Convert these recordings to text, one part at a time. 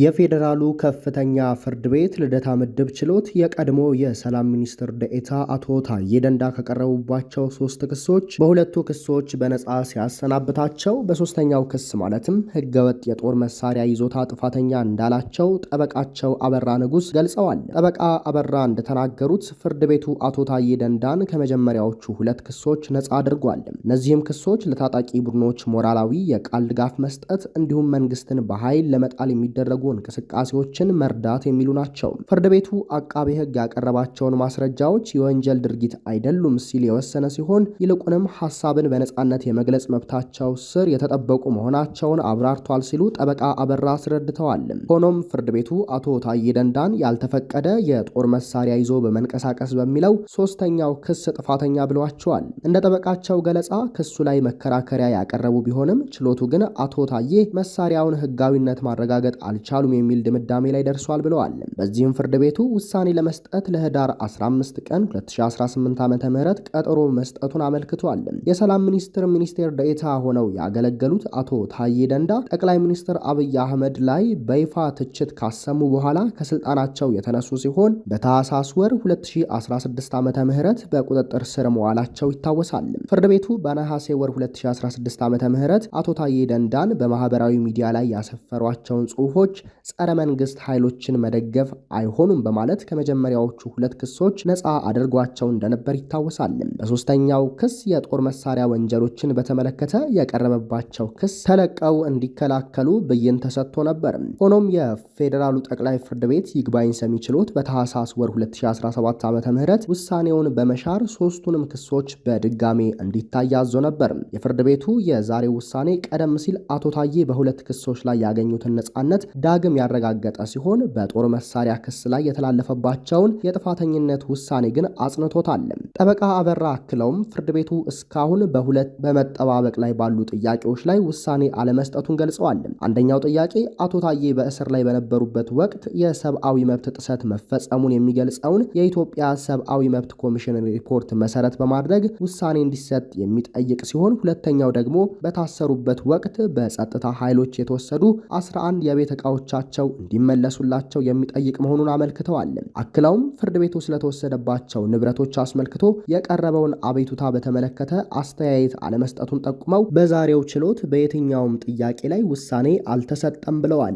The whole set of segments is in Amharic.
የፌዴራሉ ከፍተኛ ፍርድ ቤት ልደታ ምድብ ችሎት የቀድሞ የሰላም ሚኒስትር ደኤታ አቶ ታዬ ደንዳ ከቀረቡባቸው ሶስት ክሶች በሁለቱ ክሶች በነፃ ሲያሰናብታቸው በሶስተኛው ክስ ማለትም ህገወጥ የጦር መሳሪያ ይዞታ ጥፋተኛ እንዳላቸው ጠበቃቸው አበራ ንጉስ ገልጸዋል። ጠበቃ አበራ እንደተናገሩት ፍርድ ቤቱ አቶ ታዬ ደንዳን ከመጀመሪያዎቹ ሁለት ክሶች ነፃ አድርጓል። እነዚህም ክሶች ለታጣቂ ቡድኖች ሞራላዊ የቃል ድጋፍ መስጠት እንዲሁም መንግስትን በኃይል ለመጣል የሚደረጉ እንቅስቃሴዎችን መርዳት የሚሉ ናቸው። ፍርድ ቤቱ አቃቤ ሕግ ያቀረባቸውን ማስረጃዎች የወንጀል ድርጊት አይደሉም ሲል የወሰነ ሲሆን ይልቁንም ሀሳብን በነጻነት የመግለጽ መብታቸው ስር የተጠበቁ መሆናቸውን አብራርቷል ሲሉ ጠበቃ አበራ አስረድተዋል። ሆኖም ፍርድ ቤቱ አቶ ታዬ ደንዳን ያልተፈቀደ የጦር መሳሪያ ይዞ በመንቀሳቀስ በሚለው ሶስተኛው ክስ ጥፋተኛ ብሏቸዋል። እንደ ጠበቃቸው ገለጻ ክሱ ላይ መከራከሪያ ያቀረቡ ቢሆንም ችሎቱ ግን አቶ ታዬ መሳሪያውን ሕጋዊነት ማረጋገጥ አልቻ አልቻሉም የሚል ድምዳሜ ላይ ደርሷል ብለዋል። በዚህም ፍርድ ቤቱ ውሳኔ ለመስጠት ለህዳር 15 ቀን 2018 ዓ ም ቀጠሮ መስጠቱን አመልክቷል። የሰላም ሚኒስትር ሚኒስቴር ደኤታ ሆነው ያገለገሉት አቶ ታዬ ደንዳ ጠቅላይ ሚኒስትር አብይ አህመድ ላይ በይፋ ትችት ካሰሙ በኋላ ከስልጣናቸው የተነሱ ሲሆን በታህሳስ ወር 2016 ዓ ም በቁጥጥር ስር መዋላቸው ይታወሳል። ፍርድ ቤቱ በነሐሴ ወር 2016 ዓ ም አቶ ታዬ ደንዳን በማህበራዊ ሚዲያ ላይ ያሰፈሯቸውን ጽሁፎች ጸረ መንግስት ኃይሎችን መደገፍ አይሆኑም በማለት ከመጀመሪያዎቹ ሁለት ክሶች ነፃ አድርጓቸው እንደነበር ይታወሳል። በሶስተኛው ክስ የጦር መሳሪያ ወንጀሎችን በተመለከተ የቀረበባቸው ክስ ተለቀው እንዲከላከሉ ብይን ተሰጥቶ ነበር። ሆኖም የፌዴራሉ ጠቅላይ ፍርድ ቤት ይግባኝ ሰሚ ችሎት በታህሳስ ወር 2017 ዓ ም ውሳኔውን በመሻር ሶስቱንም ክሶች በድጋሜ እንዲታይ አዞ ነበር። የፍርድ ቤቱ የዛሬው ውሳኔ ቀደም ሲል አቶ ታዬ በሁለት ክሶች ላይ ያገኙትን ነጻነት ዳ ዳግም ያረጋገጠ ሲሆን በጦር መሳሪያ ክስ ላይ የተላለፈባቸውን የጥፋተኝነት ውሳኔ ግን አጽንቶታል። ጠበቃ አበራ አክለውም ፍርድ ቤቱ እስካሁን በሁለት በመጠባበቅ ላይ ባሉ ጥያቄዎች ላይ ውሳኔ አለመስጠቱን ገልጸዋል። አንደኛው ጥያቄ አቶ ታዬ በእስር ላይ በነበሩበት ወቅት የሰብአዊ መብት ጥሰት መፈጸሙን የሚገልጸውን የኢትዮጵያ ሰብአዊ መብት ኮሚሽን ሪፖርት መሰረት በማድረግ ውሳኔ እንዲሰጥ የሚጠይቅ ሲሆን ሁለተኛው ደግሞ በታሰሩበት ወቅት በጸጥታ ኃይሎች የተወሰዱ 11 የቤት ዕቃዎች ቤተሰቦቻቸው እንዲመለሱላቸው የሚጠይቅ መሆኑን አመልክተዋል። አክለውም ፍርድ ቤቱ ስለተወሰደባቸው ንብረቶች አስመልክቶ የቀረበውን አቤቱታ በተመለከተ አስተያየት አለመስጠቱን ጠቁመው በዛሬው ችሎት በየትኛውም ጥያቄ ላይ ውሳኔ አልተሰጠም ብለዋል።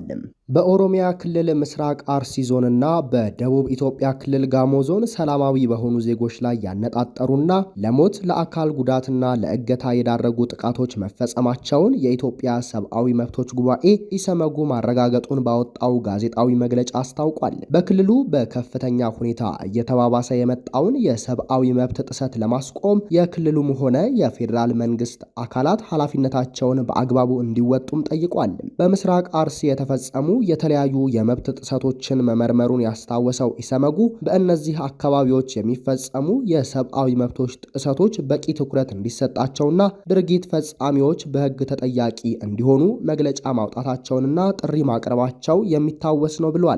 በኦሮሚያ ክልል ምስራቅ አርሲ ዞንና በደቡብ ኢትዮጵያ ክልል ጋሞ ዞን ሰላማዊ በሆኑ ዜጎች ላይ ያነጣጠሩና ለሞት ለአካል ጉዳትና ለእገታ የዳረጉ ጥቃቶች መፈጸማቸውን የኢትዮጵያ ሰብአዊ መብቶች ጉባኤ ኢሰመጉ ማረጋገጡን ባወጣው ጋዜጣዊ መግለጫ አስታውቋል። በክልሉ በከፍተኛ ሁኔታ እየተባባሰ የመጣውን የሰብአዊ መብት ጥሰት ለማስቆም የክልሉም ሆነ የፌዴራል መንግስት አካላት ኃላፊነታቸውን በአግባቡ እንዲወጡም ጠይቋል። በምስራቅ አርሲ የተፈጸሙ የተለያዩ የመብት ጥሰቶችን መመርመሩን ያስታወሰው ኢሰመጉ በእነዚህ አካባቢዎች የሚፈጸሙ የሰብአዊ መብቶች ጥሰቶች በቂ ትኩረት እንዲሰጣቸውና ድርጊት ፈጻሚዎች በሕግ ተጠያቂ እንዲሆኑ መግለጫ ማውጣታቸውንና ጥሪ ማቅረባቸው የሚታወስ ነው ብሏል።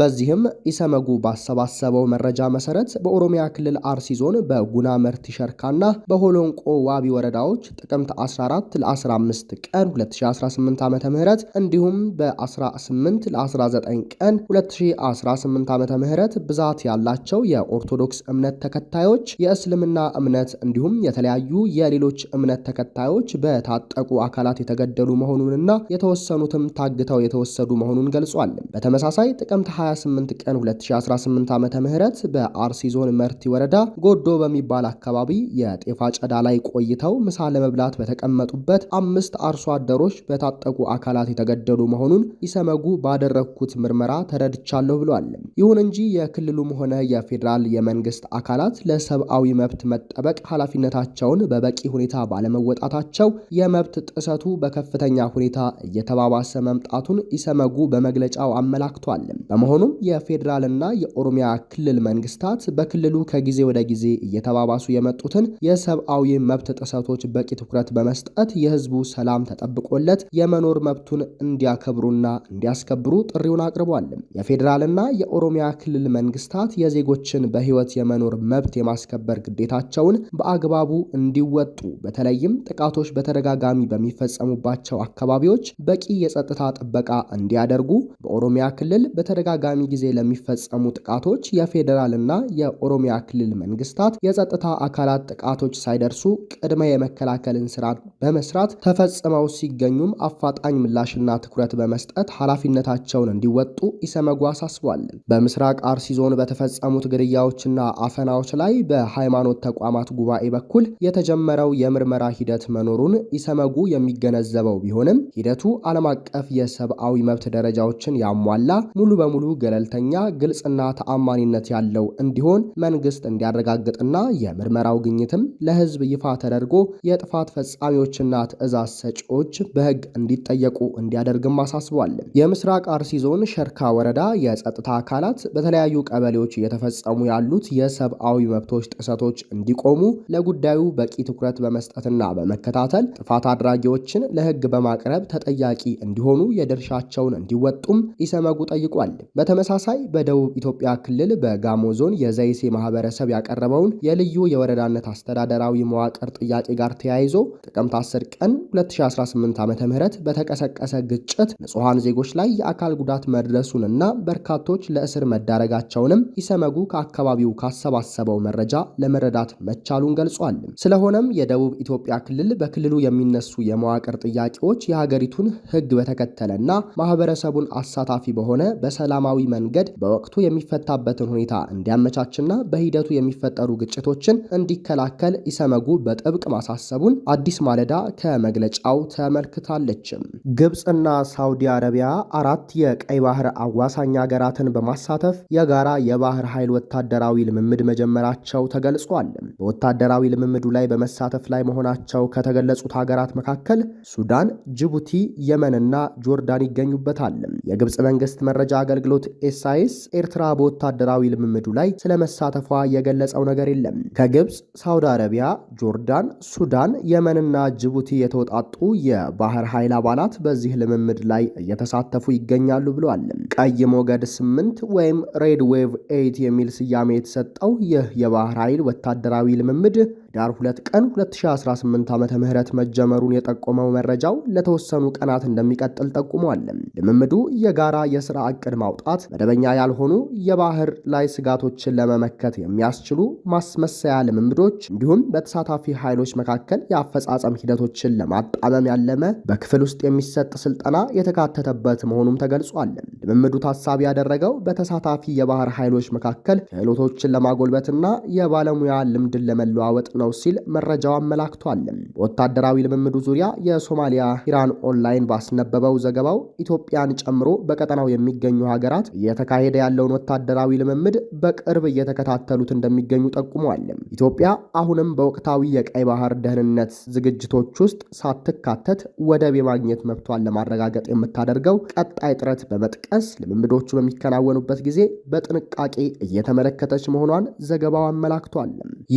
በዚህም ኢሰመጉ ባሰባሰበው መረጃ መሰረት በኦሮሚያ ክልል አርሲ ዞን በጉና መርቲ ሸርካና በሆሎንቆ ዋቢ ወረዳዎች ጥቅምት 14 ለ15 ቀን 2018 ዓ ም እንዲሁም በ18 18 ለ19 ቀን 2018 ዓመተ ምህረት ብዛት ያላቸው የኦርቶዶክስ እምነት ተከታዮች፣ የእስልምና እምነት እንዲሁም የተለያዩ የሌሎች እምነት ተከታዮች በታጠቁ አካላት የተገደሉ መሆኑንና የተወሰኑትም ታግተው የተወሰዱ መሆኑን ገልጿል። በተመሳሳይ ጥቅምት 28 ቀን 2018 ዓመተ ምህረት በአርሲ ዞን መርቲ ወረዳ ጎዶ በሚባል አካባቢ የጤፋ ጨዳ ላይ ቆይተው ምሳ ለመብላት በተቀመጡበት አምስት አርሶ አደሮች በታጠቁ አካላት የተገደሉ መሆኑን ኢሰመጉ ባደረግኩት ምርመራ ተረድቻለሁ ብሏል። ይሁን እንጂ የክልሉም ሆነ የፌዴራል የመንግስት አካላት ለሰብአዊ መብት መጠበቅ ኃላፊነታቸውን በበቂ ሁኔታ ባለመወጣታቸው የመብት ጥሰቱ በከፍተኛ ሁኔታ እየተባባሰ መምጣቱን ኢሰመጉ በመግለጫው አመላክቷል። በመሆኑም የፌዴራልና የኦሮሚያ ክልል መንግስታት በክልሉ ከጊዜ ወደ ጊዜ እየተባባሱ የመጡትን የሰብአዊ መብት ጥሰቶች በቂ ትኩረት በመስጠት የህዝቡ ሰላም ተጠብቆለት የመኖር መብቱን እንዲያከብሩና እንዲያስ እንዲያስከብሩ ጥሪውን አቅርቧል። የፌዴራልና የኦሮሚያ ክልል መንግስታት የዜጎችን በህይወት የመኖር መብት የማስከበር ግዴታቸውን በአግባቡ እንዲወጡ በተለይም ጥቃቶች በተደጋጋሚ በሚፈጸሙባቸው አካባቢዎች በቂ የጸጥታ ጥበቃ እንዲያደርጉ፣ በኦሮሚያ ክልል በተደጋጋሚ ጊዜ ለሚፈጸሙ ጥቃቶች የፌዴራልና የኦሮሚያ ክልል መንግስታት የጸጥታ አካላት ጥቃቶች ሳይደርሱ ቅድመ የመከላከልን ስራ በመስራት ተፈጽመው ሲገኙም አፋጣኝ ምላሽና ትኩረት በመስጠት ኃላፊ ኃላፊነታቸውን እንዲወጡ ኢሰመጉ አሳስቧል። በምስራቅ አርሲ ዞን በተፈጸሙት ግድያዎችና አፈናዎች ላይ በሃይማኖት ተቋማት ጉባኤ በኩል የተጀመረው የምርመራ ሂደት መኖሩን ኢሰመጉ የሚገነዘበው ቢሆንም ሂደቱ ዓለም አቀፍ የሰብአዊ መብት ደረጃዎችን ያሟላ ሙሉ በሙሉ ገለልተኛ፣ ግልጽና ተአማኒነት ያለው እንዲሆን መንግስት እንዲያረጋግጥና የምርመራው ግኝትም ለህዝብ ይፋ ተደርጎ የጥፋት ፈጻሚዎችና ትእዛዝ ሰጪዎች በህግ እንዲጠየቁ እንዲያደርግም አሳስቧል። በምስራቅ አርሲ ዞን ሸርካ ወረዳ የጸጥታ አካላት በተለያዩ ቀበሌዎች እየተፈጸሙ ያሉት የሰብአዊ መብቶች ጥሰቶች እንዲቆሙ ለጉዳዩ በቂ ትኩረት በመስጠትና በመከታተል ጥፋት አድራጊዎችን ለሕግ በማቅረብ ተጠያቂ እንዲሆኑ የድርሻቸውን እንዲወጡም ኢሰመጉ ጠይቋል። በተመሳሳይ በደቡብ ኢትዮጵያ ክልል በጋሞ ዞን የዘይሴ ማህበረሰብ ያቀረበውን የልዩ የወረዳነት አስተዳደራዊ መዋቅር ጥያቄ ጋር ተያይዞ ጥቅምት 10 ቀን 2018 ዓ ም በተቀሰቀሰ ግጭት ንጹሐን ዜጎች ላይ የአካል ጉዳት መድረሱንና በርካቶች ለእስር መዳረጋቸውንም ኢሰመጉ ከአካባቢው ካሰባሰበው መረጃ ለመረዳት መቻሉን ገልጿል። ስለሆነም የደቡብ ኢትዮጵያ ክልል በክልሉ የሚነሱ የመዋቅር ጥያቄዎች የሀገሪቱን ሕግ በተከተለና ማህበረሰቡን አሳታፊ በሆነ በሰላማዊ መንገድ በወቅቱ የሚፈታበትን ሁኔታ እንዲያመቻችና በሂደቱ የሚፈጠሩ ግጭቶችን እንዲከላከል ኢሰመጉ በጥብቅ ማሳሰቡን አዲስ ማለዳ ከመግለጫው ተመልክታለችም። ግብፅና ሳውዲ አረቢያ አራት የቀይ ባህር አዋሳኝ ሀገራትን በማሳተፍ የጋራ የባህር ኃይል ወታደራዊ ልምምድ መጀመራቸው ተገልጿል። በወታደራዊ ልምምዱ ላይ በመሳተፍ ላይ መሆናቸው ከተገለጹት ሀገራት መካከል ሱዳን፣ ጅቡቲ፣ የመንና ጆርዳን ይገኙበታል። የግብፅ መንግስት መረጃ አገልግሎት ኤስአይኤስ ኤርትራ በወታደራዊ ልምምዱ ላይ ስለመሳተፏ የገለጸው ነገር የለም። ከግብፅ፣ ሳውዲ አረቢያ፣ ጆርዳን፣ ሱዳን፣ የመንና ጅቡቲ የተውጣጡ የባህር ኃይል አባላት በዚህ ልምምድ ላይ እየተሳተፉ ይገኛሉ ብለዋል። ቀይ ሞገድ ስምንት ወይም ሬድ ዌቭ ኤይት የሚል ስያሜ የተሰጠው ይህ የባህር ኃይል ወታደራዊ ልምምድ ህዳር 2 ቀን 2018 ዓመተ ምህረት መጀመሩን የጠቆመው መረጃው ለተወሰኑ ቀናት እንደሚቀጥል ጠቁሟል። ልምምዱ የጋራ የስራ እቅድ ማውጣት፣ መደበኛ ያልሆኑ የባህር ላይ ስጋቶችን ለመመከት የሚያስችሉ ማስመሰያ ልምምዶች እንዲሁም በተሳታፊ ኃይሎች መካከል የአፈጻጸም ሂደቶችን ለማጣመም ያለመ በክፍል ውስጥ የሚሰጥ ስልጠና የተካተተበት መሆኑም ተገልጿል። ልምምዱ ታሳቢ ያደረገው በተሳታፊ የባህር ኃይሎች መካከል ክህሎቶችን ለማጎልበትና የባለሙያ ልምድን ለመለዋወጥ ነው ሲል መረጃው አመላክቷል። በወታደራዊ ልምምዱ ዙሪያ የሶማሊያ ኢራን ኦንላይን ባስነበበው ዘገባው ኢትዮጵያን ጨምሮ በቀጠናው የሚገኙ ሀገራት እየተካሄደ ያለውን ወታደራዊ ልምምድ በቅርብ እየተከታተሉት እንደሚገኙ ጠቁመዋል። ኢትዮጵያ አሁንም በወቅታዊ የቀይ ባህር ደህንነት ዝግጅቶች ውስጥ ሳትካተት ወደብ የማግኘት መብቷን ለማረጋገጥ የምታደርገው ቀጣይ ጥረት በመጥቀስ ልምምዶቹ በሚከናወኑበት ጊዜ በጥንቃቄ እየተመለከተች መሆኗን ዘገባው አመላክቷል።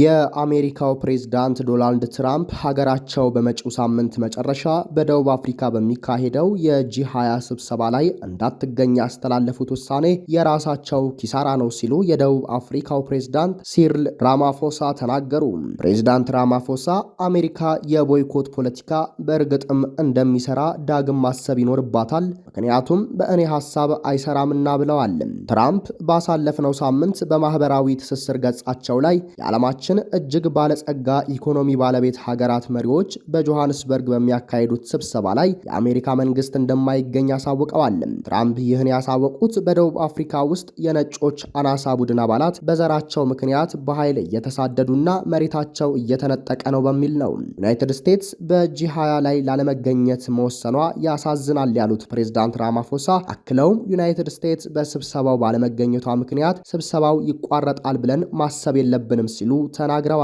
የአሜሪካው የአሜሪካው ፕሬዝዳንት ዶናልድ ትራምፕ ሀገራቸው በመጪው ሳምንት መጨረሻ በደቡብ አፍሪካ በሚካሄደው የጂ 20 ስብሰባ ላይ እንዳትገኝ ያስተላለፉት ውሳኔ የራሳቸው ኪሳራ ነው ሲሉ የደቡብ አፍሪካው ፕሬዝዳንት ሲርል ራማፎሳ ተናገሩ። ፕሬዝዳንት ራማፎሳ አሜሪካ የቦይኮት ፖለቲካ በእርግጥም እንደሚሰራ ዳግም ማሰብ ይኖርባታል፣ ምክንያቱም በእኔ ሀሳብ አይሰራምና ብለዋል። ትራምፕ ባሳለፍነው ሳምንት በማህበራዊ ትስስር ገጻቸው ላይ የዓለማችን እጅግ ባለ ባለጸጋ ኢኮኖሚ ባለቤት ሀገራት መሪዎች በጆሃንስበርግ በሚያካሄዱት ስብሰባ ላይ የአሜሪካ መንግስት እንደማይገኝ አሳውቀዋል። ትራምፕ ይህን ያሳወቁት በደቡብ አፍሪካ ውስጥ የነጮች አናሳ ቡድን አባላት በዘራቸው ምክንያት በኃይል እየተሳደዱና መሬታቸው እየተነጠቀ ነው በሚል ነው። ዩናይትድ ስቴትስ በጂ 20 ላይ ላለመገኘት መወሰኗ ያሳዝናል ያሉት ፕሬዝዳንት ራማፎሳ አክለውም ዩናይትድ ስቴትስ በስብሰባው ባለመገኘቷ ምክንያት ስብሰባው ይቋረጣል ብለን ማሰብ የለብንም ሲሉ ተናግረዋል።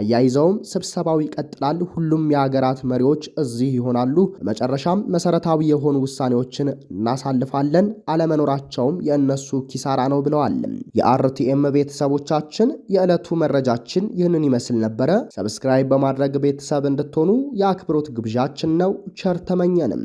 አያይዘውም ስብሰባው ይቀጥላል፣ ሁሉም የሀገራት መሪዎች እዚህ ይሆናሉ፣ በመጨረሻም መሰረታዊ የሆኑ ውሳኔዎችን እናሳልፋለን፣ አለመኖራቸውም የእነሱ ኪሳራ ነው ብለዋል። የአርቲኤም ቤተሰቦቻችን የዕለቱ መረጃችን ይህንን ይመስል ነበረ። ሰብስክራይብ በማድረግ ቤተሰብ እንድትሆኑ የአክብሮት ግብዣችን ነው። ቸር ተመኘንም።